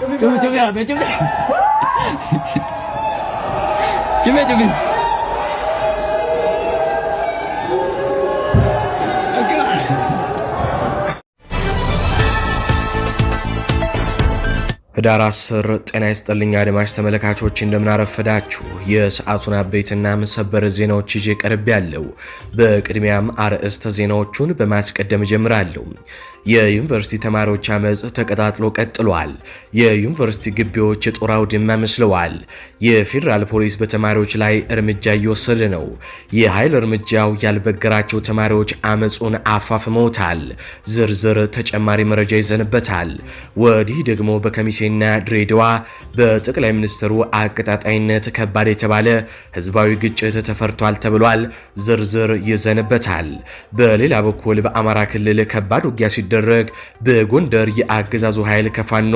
救命！救命！别救命！救 命！救命！ህዳር 10 ጤና ይስጥልኝ አድማጭ ተመልካቾች፣ እንደምናረፈዳችሁ የሰዓቱን አበይትና ሰበር ዜናዎች ይዤ ቀርብ ያለው። በቅድሚያም አርዕስተ ዜናዎቹን በማስቀደም ጀምራለሁ። የዩኒቨርሲቲ ተማሪዎች አመፅ ተቀጣጥሎ ቀጥሏል። የዩኒቨርሲቲ ግቢዎች የጦር አውድማ መስለዋል። የፌዴራል ፖሊስ በተማሪዎች ላይ እርምጃ እየወሰደ ነው። የኃይል እርምጃው ያልበገራቸው ተማሪዎች አመፁን አፋፍመውታል። ዝርዝር ተጨማሪ መረጃ ይዘንበታል። ወዲህ ደግሞ በከሚሴ ደሴና ድሬዳዋ በጠቅላይ ሚኒስትሩ አቀጣጣይነት ከባድ የተባለ ህዝባዊ ግጭት ተፈርቷል ተብሏል። ዝርዝር ይዘንበታል። በሌላ በኩል በአማራ ክልል ከባድ ውጊያ ሲደረግ፣ በጎንደር የአገዛዙ ኃይል ከፋኖ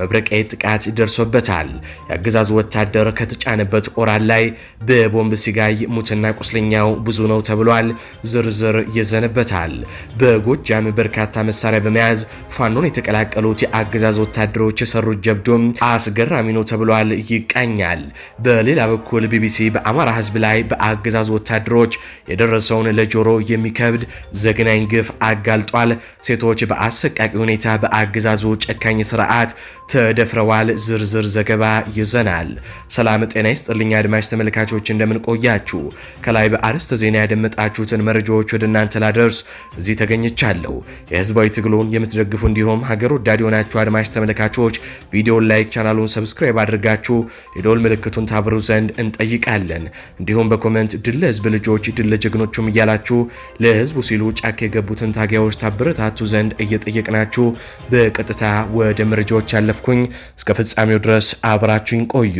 መብረቂያ ጥቃት ደርሶበታል። የአገዛዙ ወታደር ከተጫነበት ቆራል ላይ በቦምብ ሲጋይ ሙትና ቁስለኛው ብዙ ነው ተብሏል። ዝርዝር ይዘንበታል። በጎጃም በርካታ መሳሪያ በመያዝ ፋኖን የተቀላቀሉት የአገዛዝ ወታደሮች የሰሩ የሰሩት ጀብዶም አስገራሚ ነው ተብሏል። ይቃኛል። በሌላ በኩል ቢቢሲ በአማራ ህዝብ ላይ በአገዛዝ ወታደሮች የደረሰውን ለጆሮ የሚከብድ ዘግናኝ ግፍ አጋልጧል። ሴቶች በአሰቃቂ ሁኔታ በአገዛዙ ጨካኝ ስርዓት ተደፍረዋል። ዝርዝር ዘገባ ይዘናል። ሰላም ጤና ይስጥልኝ አድማጭ ተመልካቾች እንደምንቆያችሁ። ከላይ በአርዕስተ ዜና ያደመጣችሁትን መረጃዎች ወደ እናንተ ላደርስ እዚህ ተገኝቻለሁ። የህዝባዊ ትግሉን የምትደግፉ እንዲሁም ሀገር ወዳድ የሆናችሁ አድማጭ ተመልካቾች ቪዲዮ ላይክ፣ ቻናሉን ሰብስክራይብ አድርጋችሁ የደወል ምልክቱን ታብሩ ዘንድ እንጠይቃለን። እንዲሁም በኮመንት ድል ለህዝብ ልጆች ድል ለጀግኖቹም እያላችሁ ለህዝቡ ሲሉ ጫካ የገቡትን ታጋዮች ታበረታቱ ዘንድ እየጠየቅናችሁ በቀጥታ ወደ መረጃዎች ያለፍኩኝ እስከ ፍጻሜው ድረስ አብራችሁኝ ቆዩ።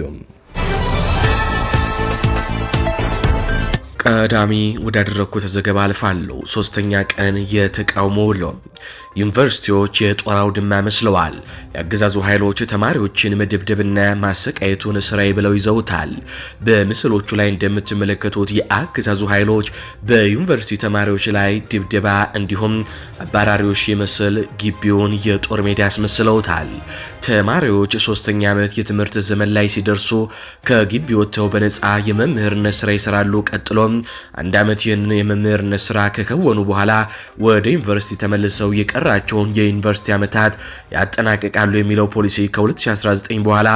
ቀዳሚ ወዳደረግኩት ዘገባ አልፋለሁ። ሶስተኛ ቀን የተቃውሞ ውሎ ዩኒቨርሲቲዎች የጦር አውድማ መስለዋል። የአገዛዙ ኃይሎች ተማሪዎችን መደብደብና ማሰቃየቱን ስራዬ ብለው ይዘውታል። በምስሎቹ ላይ እንደምትመለከቱት የአገዛዙ ኃይሎች በዩኒቨርሲቲ ተማሪዎች ላይ ድብደባ እንዲሁም አባራሪዎች የመስል ግቢውን የጦር ሜዳ አስመስለውታል። ተማሪዎች ሶስተኛ ዓመት የትምህርት ዘመን ላይ ሲደርሱ ከግቢ ወጥተው በነፃ የመምህርነት ስራ ይሰራሉ። ቀጥሎም አንድ ዓመት ይህንን የመምህርነት ስራ ከከወኑ በኋላ ወደ ዩኒቨርሲቲ ተመልሰው የቀር የሰራቸውን የዩኒቨርሲቲ ዓመታት ያጠናቅቃሉ የሚለው ፖሊሲ ከ2019 በኋላ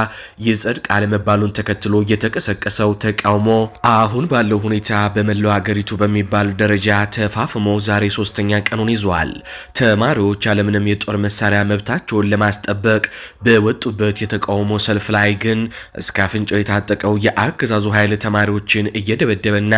ይጸድቅ አለመባሉን ተከትሎ የተቀሰቀሰው ተቃውሞ አሁን ባለው ሁኔታ በመላው አገሪቱ በሚባል ደረጃ ተፋፍሞ ዛሬ ሶስተኛ ቀኑን ይዟል። ተማሪዎች አለምንም የጦር መሳሪያ መብታቸውን ለማስጠበቅ በወጡበት የተቃውሞ ሰልፍ ላይ ግን እስከ አፍንጫው የታጠቀው የአገዛዙ ኃይል ተማሪዎችን እየደበደበና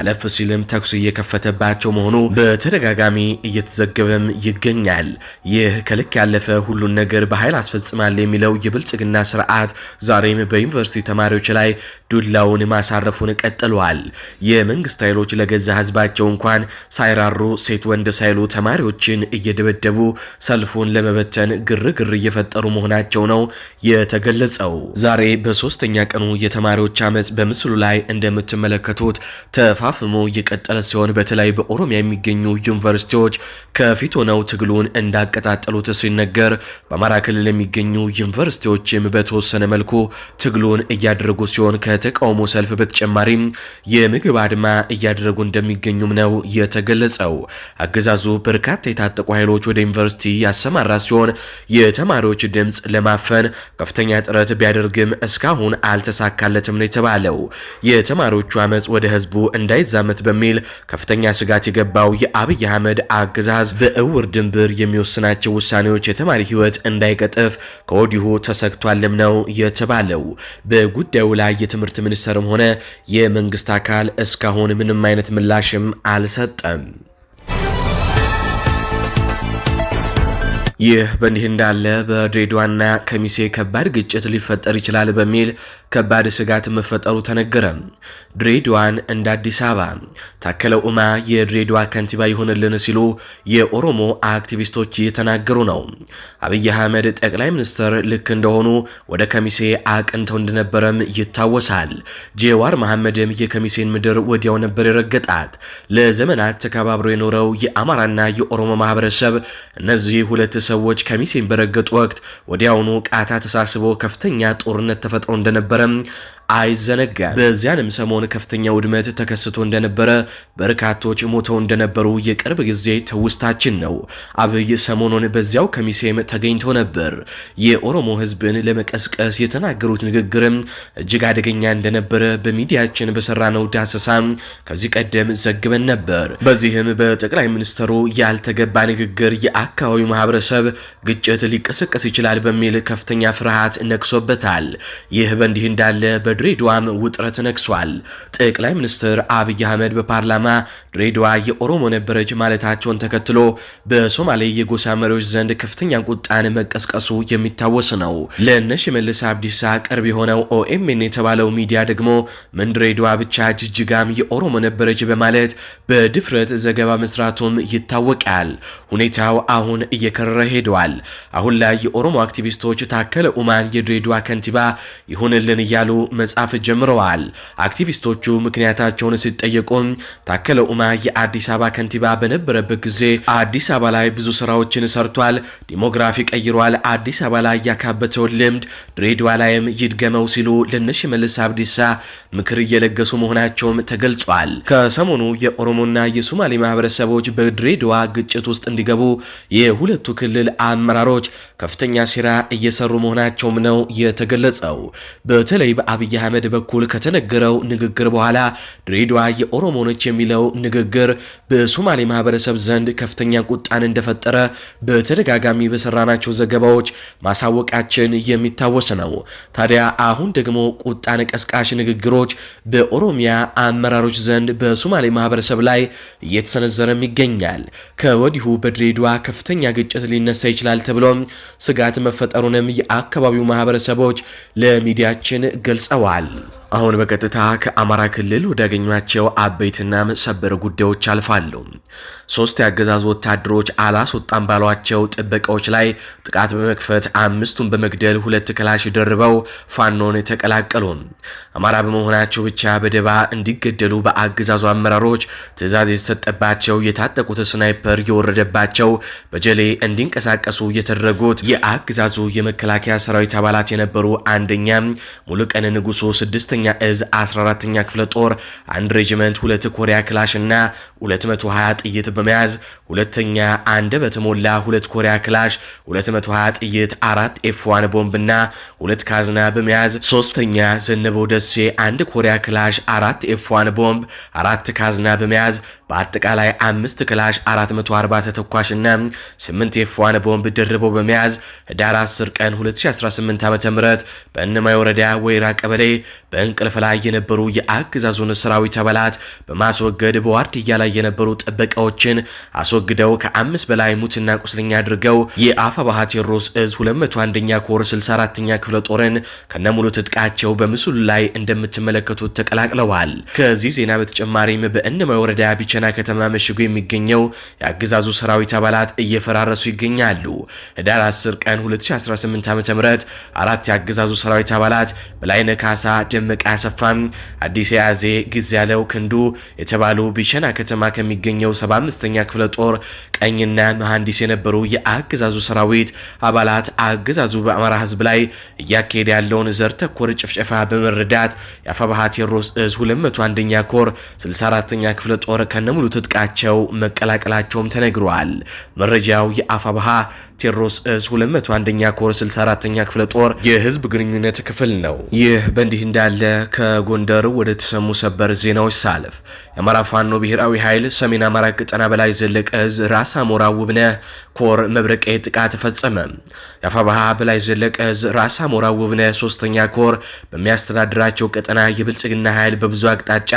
አለፍ ሲልም ተኩስ እየከፈተባቸው መሆኑ በተደጋጋሚ እየተዘገበም ይገኛል። ይገኛል። ይህ ከልክ ያለፈ ሁሉን ነገር በኃይል አስፈጽማል የሚለው የብልጽግና ስርዓት ዛሬም በዩኒቨርሲቲ ተማሪዎች ላይ ዱላውን ማሳረፉን ቀጥሏል። የመንግስት ኃይሎች ለገዛ ህዝባቸው እንኳን ሳይራሩ ሴት ወንድ ሳይሉ ተማሪዎችን እየደበደቡ ሰልፉን ለመበተን ግርግር እየፈጠሩ መሆናቸው ነው የተገለጸው። ዛሬ በሶስተኛ ቀኑ የተማሪዎች አመፅ በምስሉ ላይ እንደምትመለከቱት ተፋፍሞ እየቀጠለ ሲሆን በተለይ በኦሮሚያ የሚገኙ ዩኒቨርሲቲዎች ከፊት ሆነው ትግሉን ከተማውን እንዳቀጣጠሉት ሲነገር በአማራ ክልል የሚገኙ ዩኒቨርሲቲዎችም በተወሰነ መልኩ ትግሉን እያደረጉ ሲሆን ከተቃውሞ ሰልፍ በተጨማሪም የምግብ አድማ እያደረጉ እንደሚገኙም ነው የተገለጸው። አገዛዙ በርካታ የታጠቁ ኃይሎች ወደ ዩኒቨርሲቲ ያሰማራ ሲሆን የተማሪዎች ድምፅ ለማፈን ከፍተኛ ጥረት ቢያደርግም እስካሁን አልተሳካለትም ነው የተባለው። የተማሪዎቹ አመፅ ወደ ህዝቡ እንዳይዛመት በሚል ከፍተኛ ስጋት የገባው የአብይ አህመድ አገዛዝ በእውር ድንብር ዝርዝር የሚወስናቸው ውሳኔዎች የተማሪ ህይወት እንዳይቀጥፍ ከወዲሁ ተሰግቷልም ነው የተባለው። በጉዳዩ ላይ የትምህርት ሚኒስቴርም ሆነ የመንግስት አካል እስካሁን ምንም አይነት ምላሽም አልሰጠም። ይህ በእንዲህ እንዳለ በድሬዳዋና ከሚሴ ከባድ ግጭት ሊፈጠር ይችላል በሚል ከባድ ስጋት መፈጠሩ ተነገረ። ድሬዳዋን እንደ አዲስ አበባ ታከለ ኡማ የድሬዳዋ ከንቲባ ይሆንልን ሲሉ የኦሮሞ አክቲቪስቶች እየተናገሩ ነው። አብይ አህመድ ጠቅላይ ሚኒስትር ልክ እንደሆኑ ወደ ከሚሴ አቅንተው እንደነበረም ይታወሳል። ጄዋር መሐመድም የከሚሴን ምድር ወዲያው ነበር የረገጣት። ለዘመናት ተከባብሮ የኖረው የአማራና የኦሮሞ ማህበረሰብ እነዚህ ሁለት ሰዎች ከሚሴን በረገጡ ወቅት ወዲያውኑ ቃታ ተሳስቦ ከፍተኛ ጦርነት ተፈጥሮ እንደነበረ አይዘነጋም። በዚያንም ሰሞን ከፍተኛ ውድመት ተከስቶ እንደነበረ በርካቶች ሞተው እንደነበሩ የቅርብ ጊዜ ትውስታችን ነው። አብይ ሰሞኑን በዚያው ከሚሴም ተገኝቶ ነበር። የኦሮሞ ህዝብን ለመቀስቀስ የተናገሩት ንግግርም እጅግ አደገኛ እንደነበረ በሚዲያችን በሰራነው ዳሰሳ ከዚህ ቀደም ዘግበን ነበር። በዚህም በጠቅላይ ሚኒስትሩ ያልተገባ ንግግር የአካባቢው ማህበረሰብ ግጭት ሊቀሰቀስ ይችላል በሚል ከፍተኛ ፍርሃት ነግሶበታል። ይህ በእንዲህ እንዳለ በ በድሬዳዋም ውጥረት ነግሷል። ጠቅላይ ሚኒስትር አብይ አህመድ በፓርላማ ድሬዳዋ የኦሮሞ ነበረች ማለታቸውን ተከትሎ በሶማሌ የጎሳ መሪዎች ዘንድ ከፍተኛ ቁጣን መቀስቀሱ የሚታወስ ነው። ለነ ሽመልስ አብዲሳ ቅርብ የሆነው ኦኤምኤን የተባለው ሚዲያ ደግሞ ምን ድሬዳዋ ብቻ ጅጅጋም የኦሮሞ ነበረች በማለት በድፍረት ዘገባ መስራቱም ይታወቃል። ሁኔታው አሁን እየከረረ ሄደዋል። አሁን ላይ የኦሮሞ አክቲቪስቶች ታከለ ኡማን የድሬዳዋ ከንቲባ ይሁንልን እያሉ መጻፍ ጀምረዋል። አክቲቪስቶቹ ምክንያታቸውን ሲጠየቁ ታከለ ኡማ የአዲስ አበባ ከንቲባ በነበረበት ጊዜ አዲስ አበባ ላይ ብዙ ስራዎችን ሰርቷል፣ ዲሞግራፊ ቀይሯል፣ አዲስ አበባ ላይ ያካበተውን ልምድ ድሬዳዋ ላይም ይድገመው ሲሉ ለነሽ መልስ አብዲሳ ምክር እየለገሱ መሆናቸውም ተገልጿል። ከሰሞኑ የኦሮሞና የሶማሌ ማህበረሰቦች በድሬዳዋ ግጭት ውስጥ እንዲገቡ የሁለቱ ክልል አመራሮች ከፍተኛ ስራ እየሰሩ መሆናቸውም ነው የተገለጸው። በተለይ በአብይ አህመድ በኩል ከተነገረው ንግግር በኋላ ድሬዳዋ የኦሮሞ ነች የሚለው ንግግር በሶማሌ ማህበረሰብ ዘንድ ከፍተኛ ቁጣን እንደፈጠረ በተደጋጋሚ በሰራናቸው ዘገባዎች ማሳወቃችን የሚታወስ ነው። ታዲያ አሁን ደግሞ ቁጣን ቀስቃሽ ንግግሮች በኦሮሚያ አመራሮች ዘንድ በሶማሌ ማህበረሰብ ላይ እየተሰነዘረም ይገኛል። ከወዲሁ በድሬዳዋ ከፍተኛ ግጭት ሊነሳ ይችላል ተብሎም ስጋት መፈጠሩንም የአካባቢው ማህበረሰቦች ለሚዲያችን ገልጸዋል። ተናግረዋል። አሁን በቀጥታ ከአማራ ክልል ወዳገኟቸው አበይትና ሰበር ጉዳዮች አልፋሉ። ሶስት የአገዛዙ ወታደሮች አላስወጣም ባሏቸው ጥበቃዎች ላይ ጥቃት በመክፈት አምስቱን በመግደል ሁለት ክላሽ ደርበው ፋኖን ተቀላቀሉ። አማራ በመሆናቸው ብቻ በደባ እንዲገደሉ በአገዛዙ አመራሮች ትዕዛዝ የተሰጠባቸው የታጠቁት ስናይፐር የወረደባቸው በጀሌ እንዲንቀሳቀሱ የተደረጉት የአገዛዙ የመከላከያ ሰራዊት አባላት የነበሩ አንደኛ ሙሉቀን ንጉሱ ስድስተኛ አምስተኛ እዝ 14 ተኛ ክፍለ ጦር አንድ ሬጅመንት ሁለት ኮሪያ ክላሽ እና 220 ጥይት በመያዝ ሁለተኛ አንድ በተሞላ ሁለት ኮሪያ ክላሽ 220 ጥይት አራት ኤፍዋን ቦምብና ሁለት ካዝና በመያዝ ሶስተኛ ዘነበው ደሴ አንድ ኮሪያ ክላሽ አራት ኤፍዋን ቦምብ አራት ካዝና በመያዝ በአጠቃላይ አምስት ክላሽ 440 ተተኳሽና 8 የፏን ቦምብ ደርበው በመያዝ ህዳር 10 ቀን 2018 ም በእነማይ ወረዳ ወይራ ቀበሌ በእንቅልፍ ላይ የነበሩ የአገዛዙን ሰራዊት አባላት በማስወገድ በዋርድያ ላይ የነበሩ ጥበቃዎችን አስወግደው ከአምስት በላይ ሙትና ቁስለኛ አድርገው የአፋ ባህ ቴዎድሮስ እዝ 201ኛ ኮር 64ኛ ክፍለ ጦርን ከነሙሉ ትጥቃቸው በምስሉ ላይ እንደምትመለከቱት ተቀላቅለዋል። ከዚህ ዜና በተጨማሪም በእነማይ ወረዳ ቢቸ በቸና ከተማ መሽጎ የሚገኘው የአገዛዙ ሰራዊት አባላት እየፈራረሱ ይገኛሉ። ህዳር 10 ቀን 2018 ዓ.ም አራት የአገዛዙ ሰራዊት አባላት በላይነ ካሳ፣ ደመቀ አሰፋም፣ አዲስ የያዜ ጊዜ ያለው ክንዱ የተባሉ ቢቸና ከተማ ከሚገኘው 75ኛ ክፍለ ጦር ቀኝና መሐንዲስ የነበሩ የአገዛዙ ሰራዊት አባላት አገዛዙ በአማራ ህዝብ ላይ እያካሄደ ያለውን ዘር ተኮር ጭፍጨፋ በመረዳት የአፋባሃ ቴዎድሮስ እዝ 201ኛ ኮር 64ኛ ክፍለ ጦር ከነ ሙሉ ትጥቃቸው መቀላቀላቸውም ተነግረዋል። መረጃው የአፋብሃ ቴዎድሮስ እዝ 21 ኛ ኮር 64ኛ ክፍለ ጦር የህዝብ ግንኙነት ክፍል ነው። ይህ በእንዲህ እንዳለ ከጎንደር ወደ ተሰሙ ሰበር ዜናዎች ሳልፍ የአማራ ፋኖ ብሔራዊ ኃይል ሰሜን አማራ ቀጠና በላይ ዘለቀ እዝ ራስ አሞራ ውብነ ኮር መብረቃዊ ጥቃት ፈጸመ። የአፋብሃ በላይ ዘለቀ እዝ ራስ አሞራ ውብነ ሶስተኛ ኮር በሚያስተዳድራቸው ቀጠና የብልጽግና ኃይል በብዙ አቅጣጫ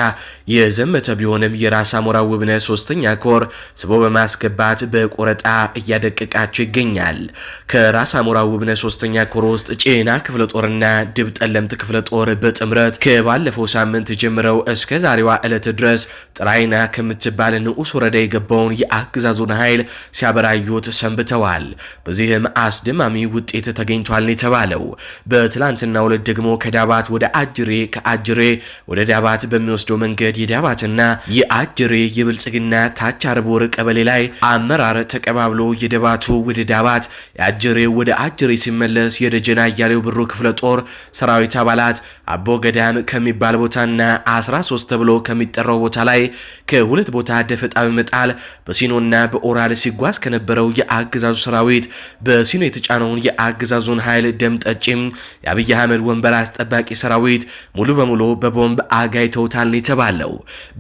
የዘመተ ቢሆንም የራስ አሞራ ውብነህ ሶስተኛ ኮር ስቦ በማስገባት በቆረጣ እያደቀቃቸው ይገኛል። ከራስ አሞራ ሶስተኛ ኮር ውስጥ ጭና ክፍለ ጦርና ድብ ጠለምት ክፍለ ጦር በጥምረት ከባለፈው ሳምንት ጀምረው እስከ ዛሬዋ ዕለት ድረስ ጥራይና ከምትባል ንዑስ ወረዳ የገባውን የአገዛዙን ኃይል ሲያበራዩት ሰንብተዋል። በዚህም አስደማሚ ውጤት ተገኝቷል የተባለው በትላንትና ሁለት ደግሞ ከዳባት ወደ አጅሬ ከአጅሬ ወደ ዳባት በሚወስደው መንገድ የዳባትና የአጅሬ የብልጽግና ታች አርቦር ቀበሌ ላይ አመራር ተቀባብሎ የደባቱ ወደ ዳባት የአጀሬው ወደ አጀሬ ሲመለስ የደጀና እያሌው ብሩ ክፍለ ጦር ሰራዊት አባላት አቦ ገዳም ከሚባል ቦታና 13 ተብሎ ከሚጠራው ቦታ ላይ ከሁለት ቦታ ደፈጣ በመጣል በሲኖና በኦራል ሲጓዝ ከነበረው የአገዛዙ ሰራዊት በሲኖ የተጫነውን የአገዛዙን ኃይል ደም ጠጪም የአብይ አህመድ ወንበር አስጠባቂ ሰራዊት ሙሉ በሙሉ በቦምብ አጋይተውታል የተባለው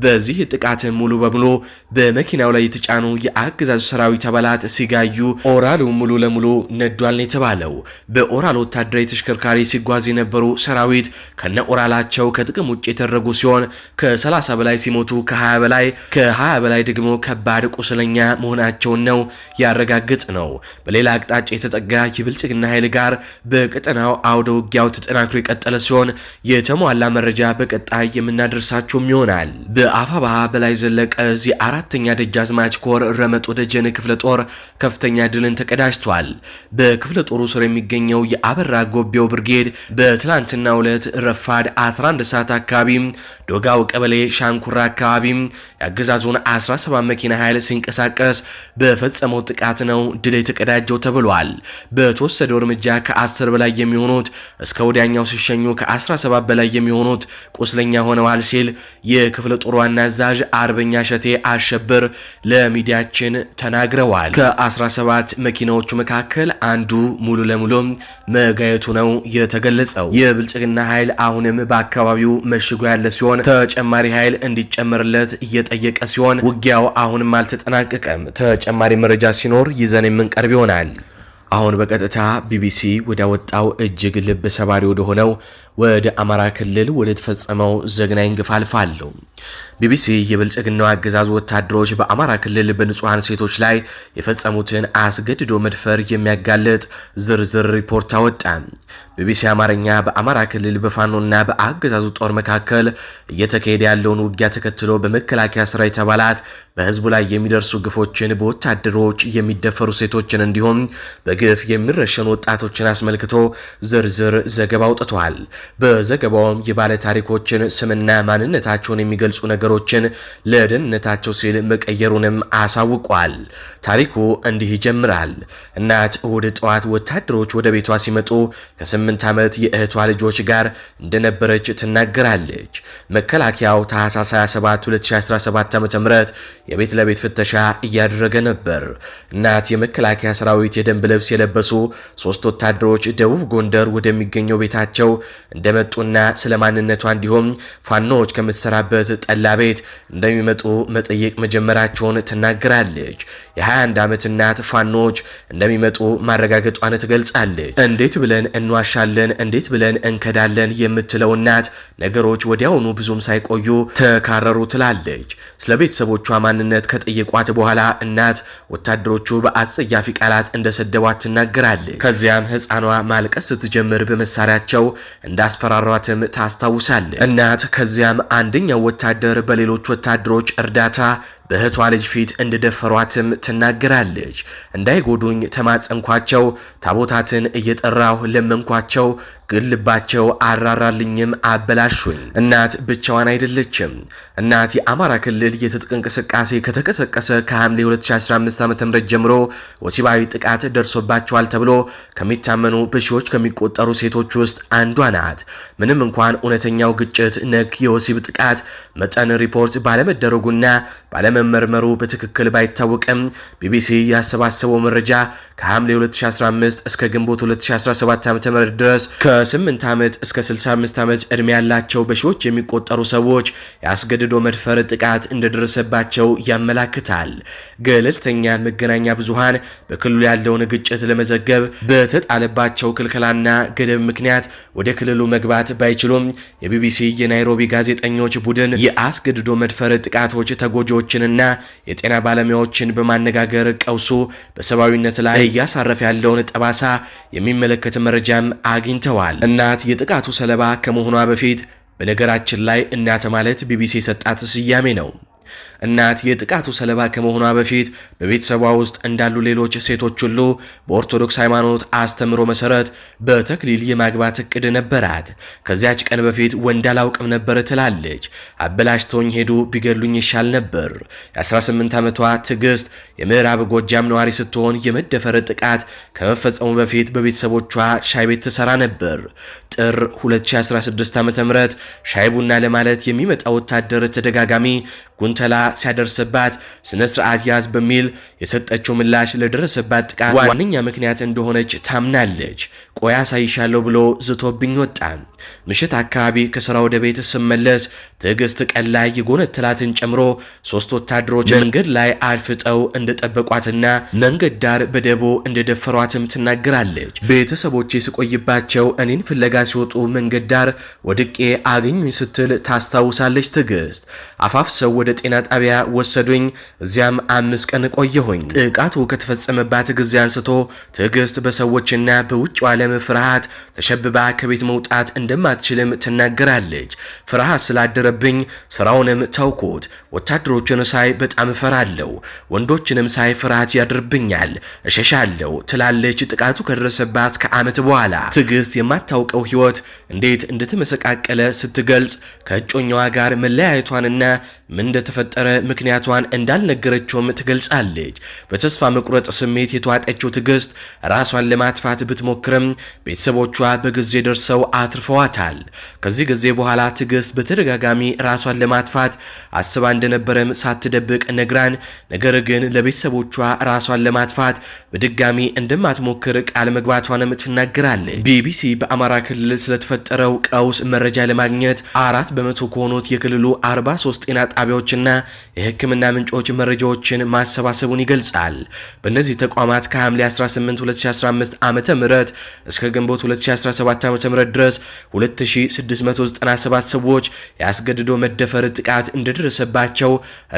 በዚህ ጥቃት ሙሉ ሙሉ በሙሉ በመኪናው ላይ የተጫኑ የአገዛዙ ሰራዊት አባላት ሲጋዩ ኦራሉ ሙሉ ለሙሉ ነዷል ነው የተባለው። በኦራል ወታደራዊ ተሽከርካሪ ሲጓዙ የነበሩ ሰራዊት ከነ ኦራላቸው ከጥቅም ውጭ የተደረጉ ሲሆን ከ30 በላይ ሲሞቱ ከ20 በላይ ከ20 በላይ ደግሞ ከባድ ቁስለኛ መሆናቸውን ነው ያረጋግጥ ነው። በሌላ አቅጣጫ የተጠጋ የብልጽግና ኃይል ጋር በቀጠናው አውደ ውጊያው ተጠናክሮ የቀጠለ ሲሆን የተሟላ መረጃ በቀጣይ የምናደርሳቸውም ይሆናል። በአፋባሃ በላይ ዘለ ዘለቀ እዚህ አራተኛ ደጃዝማች ኮር ረመጥ ደጀነ ክፍለ ጦር ከፍተኛ ድልን ተቀዳጅቷል። በክፍለ ጦሩ ስር የሚገኘው የአበራ ጎቤው ብርጌድ በትላንትና ሁለት ረፋድ 11 ሰዓት አካባቢም ዶጋው ቀበሌ ሻንኩራ አካባቢም የአገዛዙን 17 መኪና ኃይል ሲንቀሳቀስ በፈጸመው ጥቃት ነው ድል የተቀዳጀው ተብሏል። በተወሰደው እርምጃ ከ10 በላይ የሚሆኑት እስከ ወዲያኛው ሲሸኙ ከ17 በላይ የሚሆኑት ቁስለኛ ሆነዋል ሲል የክፍለ ጦር ዋና አዛዥ አርበኛ ጋዜጠኛ ሸቴ አሸብር ለሚዲያችን ተናግረዋል። ከ17 መኪናዎቹ መካከል አንዱ ሙሉ ለሙሉ መጋየቱ ነው የተገለጸው። የብልጽግና ኃይል አሁንም በአካባቢው መሽጎ ያለ ሲሆን ተጨማሪ ኃይል እንዲጨመርለት እየጠየቀ ሲሆን ውጊያው አሁንም አልተጠናቀቀም። ተጨማሪ መረጃ ሲኖር ይዘን የምንቀርብ ይሆናል። አሁን በቀጥታ ቢቢሲ ወዳወጣው እጅግ ልብ ሰባሪ ወደሆነው ወደ አማራ ክልል ወደ ተፈጸመው ዘግናኝ ግፍ አልፋለሁ። ቢቢሲ የብልጽግናው አገዛዝ ወታደሮች በአማራ ክልል በንጹሐን ሴቶች ላይ የፈጸሙትን አስገድዶ መድፈር የሚያጋልጥ ዝርዝር ሪፖርት አወጣ። ቢቢሲ አማርኛ በአማራ ክልል በፋኖና በአገዛዙ ጦር መካከል እየተካሄደ ያለውን ውጊያ ተከትሎ በመከላከያ ሰራዊት አባላት በህዝቡ ላይ የሚደርሱ ግፎችን፣ በወታደሮች የሚደፈሩ ሴቶችን እንዲሁም በግፍ የሚረሸኑ ወጣቶችን አስመልክቶ ዝርዝር ዘገባ አውጥቷል። በዘገባውም የባለ ታሪኮችን ስምና ማንነታቸውን የሚገልጹ ነገሮችን ለደህንነታቸው ሲል መቀየሩንም አሳውቋል። ታሪኩ እንዲህ ይጀምራል። እናት እሁድ ጠዋት ወታደሮች ወደ ቤቷ ሲመጡ ከስምንት ዓመት የእህቷ ልጆች ጋር እንደነበረች ትናገራለች። መከላከያው ታህሳስ 27 2017 ዓ ም የቤት ለቤት ፍተሻ እያደረገ ነበር። እናት የመከላከያ ሰራዊት የደንብ ልብስ የለበሱ ሶስት ወታደሮች ደቡብ ጎንደር ወደሚገኘው ቤታቸው እንደመጡና ስለ ማንነቷ እንዲሁም ፋኖዎች ከምትሰራበት ጠላ ቤት እንደሚመጡ መጠየቅ መጀመራቸውን ትናገራለች። የ21 ዓመት እናት ፋኖዎች እንደሚመጡ ማረጋገጧን ትገልጻለች። እንዴት ብለን እንዋሻለን? እንዴት ብለን እንከዳለን? የምትለው እናት ነገሮች ወዲያውኑ ብዙም ሳይቆዩ ተካረሩ ትላለች። ስለ ቤተሰቦቿ ማንነት ከጠየቋት በኋላ እናት ወታደሮቹ በአጸያፊ ቃላት እንደሰደቧት ትናገራለች። ከዚያም ህፃኗ ማልቀስ ስትጀምር በመሳሪያቸው እንደ እንዳስፈራሯትም ታስታውሳለች። እናት ከዚያም አንደኛው ወታደር በሌሎች ወታደሮች እርዳታ በእህቷ ልጅ ፊት እንደደፈሯትም ትናገራለች። እንዳይጎዱኝ ተማጸንኳቸው፣ ታቦታትን እየጠራሁ ለመንኳቸው፣ ግን ልባቸው አበላሹኝ። እናት ብቻዋን አይደለችም። እናት የአማራ ክልል የትጥቅ እንቅስቃሴ ከተቀሰቀሰ ከሐምሌ 2015 ዓ ም ጀምሮ ወሲባዊ ጥቃት ደርሶባቸዋል ተብሎ ከሚታመኑ በሺዎች ከሚቆጠሩ ሴቶች ውስጥ አንዷ ናት። ምንም እንኳን እውነተኛው ግጭት ነክ የወሲብ ጥቃት መጠን ሪፖርት ባለመደረጉና ባለመመርመሩ በትክክል ባይታወቅም ቢቢሲ ያሰባሰበው መረጃ ከሐምሌ 2015 እስከ ግንቦት 2017 ዓ ም ድረስ ከ8 ዓመት እስከ 65 ዓመት ዕድሜ ያላቸው በሺዎች የሚቆጠሩ ሰዎች የአስገድዶ መድፈር ጥቃት እንደደረሰባቸው ያመላክታል። ገለልተኛ መገናኛ ብዙሃን በክልሉ ያለውን ግጭት ለመዘገብ በተጣለባቸው ክልከላና ገደብ ምክንያት ወደ ክልሉ መግባት ባይችሉም የቢቢሲ የናይሮቢ ጋዜጠኞች ቡድን የአስገድዶ መድፈር ጥቃቶች ተጎጂዎችንና የጤና ባለሙያዎችን በማነጋገር ቀውሱ በሰብአዊነት ላይ እያሳረፈ ያለውን ጠባሳ የሚመለከት መረጃም አግኝተዋል። ተናግረዋል። እናት የጥቃቱ ሰለባ ከመሆኗ በፊት በነገራችን ላይ እናት ማለት ቢቢሲ የሰጣት ስያሜ ነው። እናት የጥቃቱ ሰለባ ከመሆኗ በፊት በቤተሰቧ ውስጥ እንዳሉ ሌሎች ሴቶች ሁሉ በኦርቶዶክስ ሃይማኖት አስተምሮ መሰረት በተክሊል የማግባት እቅድ ነበራት። ከዚያች ቀን በፊት ወንድ አላውቅም ነበር ትላለች። አበላሽተውኝ ሄዱ፣ ቢገሉኝ ይሻል ነበር። የ18 ዓመቷ ትዕግስት የምዕራብ ጎጃም ነዋሪ ስትሆን የመደፈር ጥቃት ከመፈጸሙ በፊት በቤተሰቦቿ ሻይ ቤት ትሰራ ነበር። ጥር 2016 ዓ ም ሻይ ቡና ለማለት የሚመጣ ወታደር ተደጋጋሚ ጉንተላ ሲያደርስባት ስነ ስርዓት ያዝ በሚል የሰጠችው ምላሽ ለደረሰባት ጥቃት ዋነኛ ምክንያት እንደሆነች ታምናለች። ቆያ ሳይሻለው ብሎ ዝቶብኝ ወጣ። ምሽት አካባቢ ከስራ ወደ ቤት ስመለስ ትዕግስት ቀን ላይ የጎነተላትን ጨምሮ ሶስት ወታደሮች መንገድ ላይ አድፍጠው እንደጠበቋትና መንገድ ዳር በደቦ እንደደፈሯትም ትናገራለች። ቤተሰቦቼ ስቆይባቸው እኔን ፍለጋ ሲወጡ መንገድ ዳር ወድቄ አገኙኝ ስትል ታስታውሳለች። ትዕግስት አፋፍ ሰው ወደ ጤና ጣቢያ ወሰዱኝ። እዚያም አምስት ቀን ቆየሁኝ። ጥቃቱ ከተፈጸመባት ጊዜ አንስቶ ትዕግስት በሰዎችና በውጭው ዓለም ፍርሃት ተሸብባ ከቤት መውጣት እንደማትችልም ትናገራለች። ፍርሃት ስላደረብኝ ስራውንም ተውኩት። ወታደሮቹን ሳይ በጣም እፈራለሁ። ወንዶችንም ሳይ ፍርሃት ያድርብኛል፣ እሸሻለሁ ትላለች። ጥቃቱ ከደረሰባት ከዓመት በኋላ ትዕግስት የማታውቀው ህይወት እንዴት እንደተመሰቃቀለ ስትገልጽ ከእጮኛዋ ጋር መለያየቷንና ምን እንደተፈጠረ ምክንያቷን እንዳልነገረችውም ትገልጻለች። በተስፋ መቁረጥ ስሜት የተዋጠችው ትዕግስት ራሷን ለማጥፋት ብትሞክርም ቤተሰቦቿ በጊዜ ደርሰው አትርፈዋታል። ከዚህ ጊዜ በኋላ ትዕግስት በተደጋጋሚ ራሷን ለማጥፋት አስባ እንደነበረም ሳትደብቅ ነግራን፣ ነገር ግን ለቤተሰቦቿ ራሷን ለማጥፋት በድጋሚ እንደማትሞክር ቃል መግባቷንም ትናገራለች። ቢቢሲ በአማራ ክልል ስለተፈጠረው ቀውስ መረጃ ለማግኘት አራት በመቶ ከሆኑት የክልሉ 43 ጤና ጣቢያዎችና የሕክምና ምንጮች መረጃዎችን ማሰባሰቡን ይገልጻል። በእነዚህ ተቋማት ከሐምሌ 18 2015 ዓ ም እስከ ግንቦት 2017 ዓ ም ድረስ 2697 ሰዎች የአስገድዶ መደፈር ጥቃት እንደደረሰባቸው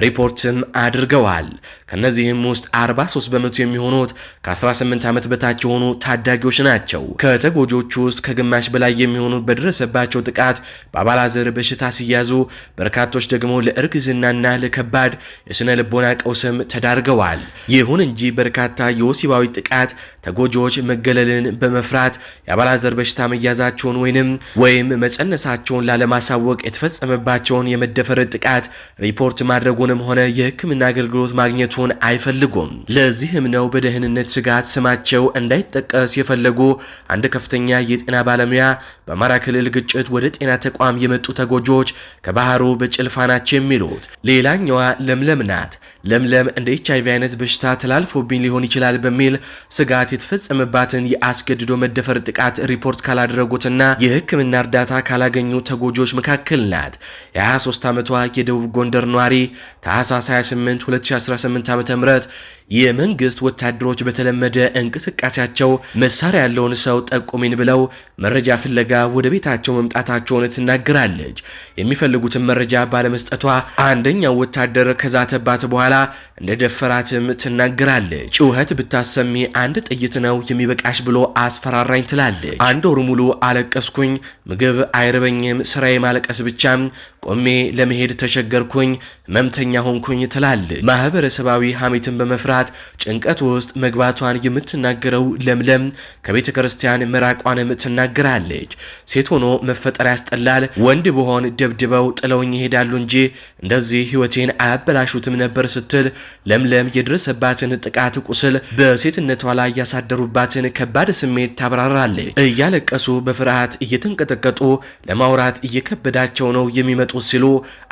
ሪፖርትም አድርገዋል። ከእነዚህም ውስጥ 43 በመቶ የሚሆኑት ከ18 ዓመት በታች የሆኑ ታዳጊዎች ናቸው። ከተጎጆቹ ውስጥ ከግማሽ በላይ የሚሆኑት በደረሰባቸው ጥቃት በአባላዘር በሽታ ሲያዙ፣ በርካቶች ደግሞ ለእ ለእርግዝናና ለከባድ የሥነ ልቦና ቀውስም ተዳርገዋል። ይሁን እንጂ በርካታ የወሲባዊ ጥቃት ተጎጂዎች መገለልን በመፍራት የአባላዘር በሽታ መያዛቸውን ወይንም ወይም መጸነሳቸውን ላለማሳወቅ የተፈጸመባቸውን የመደፈር ጥቃት ሪፖርት ማድረጉንም ሆነ የሕክምና አገልግሎት ማግኘቱን አይፈልጉም። ለዚህም ነው በደህንነት ስጋት ስማቸው እንዳይጠቀስ የፈለጉ አንድ ከፍተኛ የጤና ባለሙያ በአማራ ክልል ግጭት ወደ ጤና ተቋም የመጡ ተጎጂዎች ከባህሩ በጭልፋ ናቸው የሚሉት። ሌላኛዋ ለምለም ናት። ለምለም እንደ ኤች አይቪ አይነት በሽታ ተላልፎብኝ ሊሆን ይችላል በሚል ስጋት የተፈጸመባትን የአስገድዶ መደፈር ጥቃት ሪፖርት ካላደረጉትና የሕክምና እርዳታ ካላገኙ ተጎጂዎች መካከል ናት። የ23 ዓመቷ የደቡብ ጎንደር ነዋሪ ታህሳስ 28 2018 ዓ ም የመንግስት ወታደሮች በተለመደ እንቅስቃሴያቸው መሳሪያ ያለውን ሰው ጠቁሚን ብለው መረጃ ፍለጋ ወደ ቤታቸው መምጣታቸውን ትናገራለች። የሚፈልጉትን መረጃ ባለመስጠቷ አንደኛው ወታደር ከዛተባት በኋላ እንደደፈራትም ደፈራትም ትናገራለች። ጩኸት ብታሰሚ አንድ ጥይት ነው የሚበቃሽ ብሎ አስፈራራኝ ትላለች። አንድ ወር ሙሉ አለቀስኩኝ። ምግብ አይርበኝም፣ ስራዬ ማለቀስ ብቻ ቆሜ ለመሄድ ተቸገርኩኝ፣ ህመምተኛ ሆንኩኝ ትላለች። ማህበረሰባዊ ሐሜትን በመፍራት ጭንቀት ውስጥ መግባቷን የምትናገረው ለምለም ከቤተ ክርስቲያን መራቋንም ትናገራለች። ሴት ሆኖ መፈጠር ያስጠላል። ወንድ ብሆን ደብድበው ጥለውኝ ይሄዳሉ እንጂ እንደዚህ ህይወቴን አያበላሹትም ነበር ስትል ለምለም የደረሰባትን ጥቃት ቁስል፣ በሴትነቷ ላይ ያሳደሩባትን ከባድ ስሜት ታብራራለች። እያለቀሱ በፍርሃት እየተንቀጠቀጡ ለማውራት እየከበዳቸው ነው የሚመጡ የሰጡት ሲሉ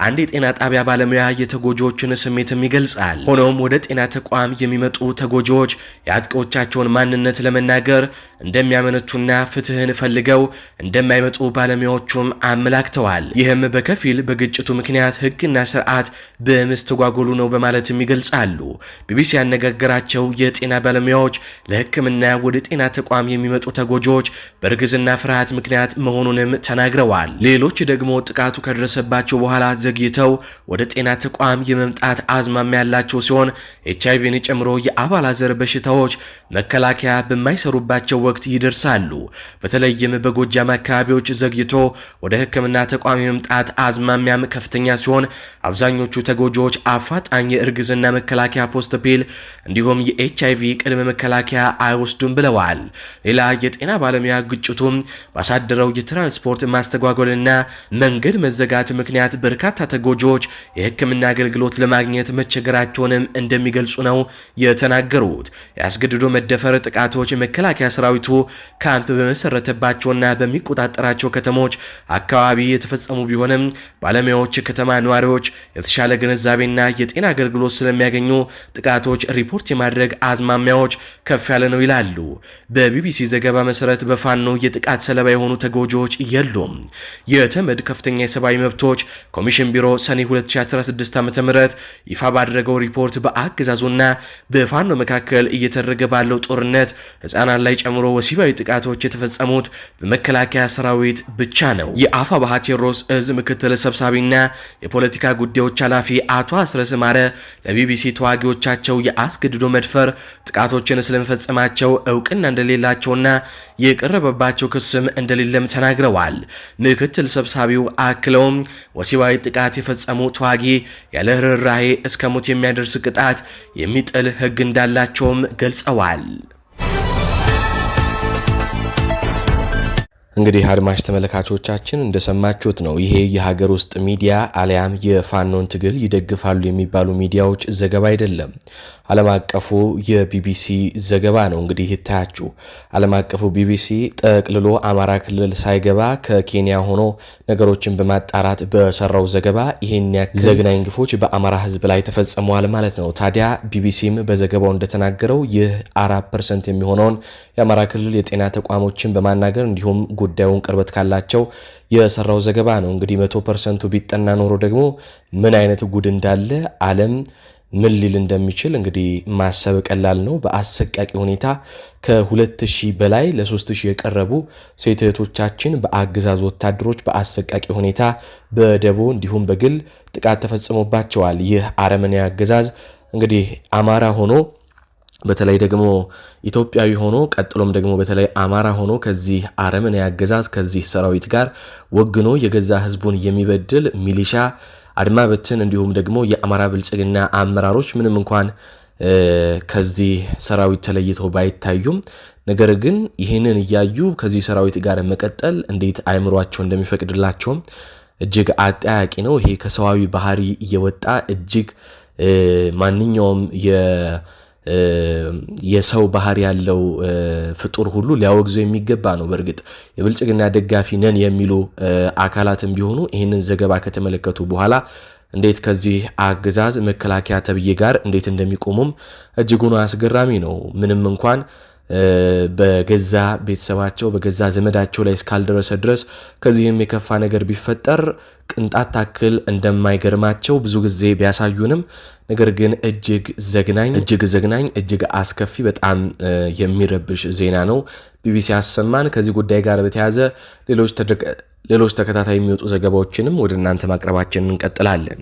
አንድ የጤና ጣቢያ ባለሙያ የተጎጂዎችን ስሜትም ይገልጻል። ሆኖም ወደ ጤና ተቋም የሚመጡ ተጎጂዎች የአጥቂዎቻቸውን ማንነት ለመናገር እንደሚያመነቱና ፍትህን ፈልገው እንደማይመጡ ባለሙያዎቹም አመላክተዋል። ይህም በከፊል በግጭቱ ምክንያት ህግና ስርዓት በመስተጓጎሉ ነው በማለትም ይገልጻሉ። ቢቢሲ ያነጋገራቸው የጤና ባለሙያዎች ለህክምና ወደ ጤና ተቋም የሚመጡ ተጎጂዎች በእርግዝና ፍርሃት ምክንያት መሆኑንም ተናግረዋል። ሌሎች ደግሞ ጥቃቱ ከደረሰባቸው በኋላ ዘግይተው ወደ ጤና ተቋም የመምጣት አዝማሚያ ያላቸው ሲሆን ኤች አይቪን ጨምሮ የአባላዘር በሽታዎች መከላከያ በማይሰሩባቸው ወቅት ይደርሳሉ። በተለይም በጎጃም አካባቢዎች ዘግይቶ ወደ ሕክምና ተቋም መምጣት አዝማሚያም ከፍተኛ ሲሆን አብዛኞቹ ተጎጂዎች አፋጣኝ የእርግዝና መከላከያ ፖስት ፒል እንዲሁም የኤች አይቪ ቅድመ መከላከያ አይወስዱም ብለዋል። ሌላ የጤና ባለሙያ ግጭቱም ባሳደረው የትራንስፖርት ማስተጓጎልና መንገድ መዘጋት ምክንያት በርካታ ተጎጂዎች የህክምና አገልግሎት ለማግኘት መቸገራቸውንም እንደሚገልጹ ነው የተናገሩት። የአስገድዶ መደፈር ጥቃቶች መከላከያ ሰራዊት ሰራዊቱ ካምፕ በመሰረተባቸውና በሚቆጣጠራቸው ከተሞች አካባቢ የተፈጸሙ ቢሆንም ባለሙያዎች የከተማ ነዋሪዎች የተሻለ ግንዛቤና የጤና አገልግሎት ስለሚያገኙ ጥቃቶች ሪፖርት የማድረግ አዝማሚያዎች ከፍ ያለ ነው ይላሉ። በቢቢሲ ዘገባ መሰረት በፋኖ የጥቃት ሰለባ የሆኑ ተጎጂዎች የሉም። የተመድ ከፍተኛ የሰብአዊ መብቶች ኮሚሽን ቢሮ ሰኔ 2016 ዓ ም ይፋ ባደረገው ሪፖርት በአገዛዙና በፋኖ መካከል እየተደረገ ባለው ጦርነት ህጻናት ላይ ጨምሮ ጨምሮ ወሲባዊ ጥቃቶች የተፈጸሙት በመከላከያ ሰራዊት ብቻ ነው። የአፋ ባህ ቴዎድሮስ እዝ ምክትል ሰብሳቢና የፖለቲካ ጉዳዮች ኃላፊ አቶ አስረስ ማረ ለቢቢሲ ተዋጊዎቻቸው የአስገድዶ መድፈር ጥቃቶችን ስለመፈጸማቸው እውቅና እንደሌላቸውና የቀረበባቸው ክስም እንደሌለም ተናግረዋል። ምክትል ሰብሳቢው አክለውም ወሲባዊ ጥቃት የፈጸሙ ተዋጊ ያለ ርኅራሄ እስከ ሞት የሚያደርስ ቅጣት የሚጥል ሕግ እንዳላቸውም ገልጸዋል። እንግዲህ አድማጭ ተመልካቾቻችን እንደሰማችሁት ነው። ይሄ የሀገር ውስጥ ሚዲያ አሊያም የፋኖን ትግል ይደግፋሉ የሚባሉ ሚዲያዎች ዘገባ አይደለም። ዓለም አቀፉ የቢቢሲ ዘገባ ነው። እንግዲህ ይታያችሁ፣ ዓለም አቀፉ ቢቢሲ ጠቅልሎ አማራ ክልል ሳይገባ ከኬንያ ሆኖ ነገሮችን በማጣራት በሰራው ዘገባ ይህን ያክል ዘግናኝ ግፎች በአማራ ሕዝብ ላይ ተፈጽመዋል ማለት ነው። ታዲያ ቢቢሲም በዘገባው እንደተናገረው ይህ አራት ፐርሰንት የሚሆነውን የአማራ ክልል የጤና ተቋሞችን በማናገር እንዲሁም ጉዳዩን ቅርበት ካላቸው የሰራው ዘገባ ነው። እንግዲህ መቶ ፐርሰንቱ ቢጠና ኖሮ ደግሞ ምን አይነት ጉድ እንዳለ ዓለም ምን ሊል እንደሚችል እንግዲህ ማሰብ ቀላል ነው። በአሰቃቂ ሁኔታ ከ2000 በላይ ለ3000 የቀረቡ ሴት እህቶቻችን በአገዛዝ ወታደሮች በአሰቃቂ ሁኔታ በደቦ እንዲሁም በግል ጥቃት ተፈጽሞባቸዋል። ይህ አረመኔ አገዛዝ እንግዲህ አማራ ሆኖ በተለይ ደግሞ ኢትዮጵያዊ ሆኖ ቀጥሎም ደግሞ በተለይ አማራ ሆኖ ከዚህ አረምን ያገዛዝ ከዚህ ሰራዊት ጋር ወግኖ የገዛ ህዝቡን የሚበድል ሚሊሻ አድማ በትን እንዲሁም ደግሞ የአማራ ብልጽግና አመራሮች ምንም እንኳን ከዚህ ሰራዊት ተለይተው ባይታዩም ነገር ግን ይህንን እያዩ ከዚህ ሰራዊት ጋር መቀጠል እንዴት አይምሯቸው እንደሚፈቅድላቸውም እጅግ አጠያቂ ነው። ይሄ ከሰዋዊ ባህሪ እየወጣ እጅግ ማንኛውም የሰው ባህር ያለው ፍጡር ሁሉ ሊያወግዘው የሚገባ ነው። በእርግጥ የብልጽግና ደጋፊ ነን የሚሉ አካላትም ቢሆኑ ይህንን ዘገባ ከተመለከቱ በኋላ እንዴት ከዚህ አገዛዝ መከላከያ ተብዬ ጋር እንዴት እንደሚቆሙም እጅጉን አስገራሚ ነው። ምንም እንኳን በገዛ ቤተሰባቸው በገዛ ዘመዳቸው ላይ እስካልደረሰ ድረስ ከዚህም የከፋ ነገር ቢፈጠር ቅንጣት ታክል እንደማይገርማቸው ብዙ ጊዜ ቢያሳዩንም ነገር ግን እጅግ ዘግናኝ እጅግ ዘግናኝ እጅግ አስከፊ በጣም የሚረብሽ ዜና ነው ቢቢሲ ያሰማን። ከዚህ ጉዳይ ጋር በተያያዘ ሌሎች ተከታታይ የሚወጡ ዘገባዎችንም ወደ እናንተ ማቅረባችን እንቀጥላለን።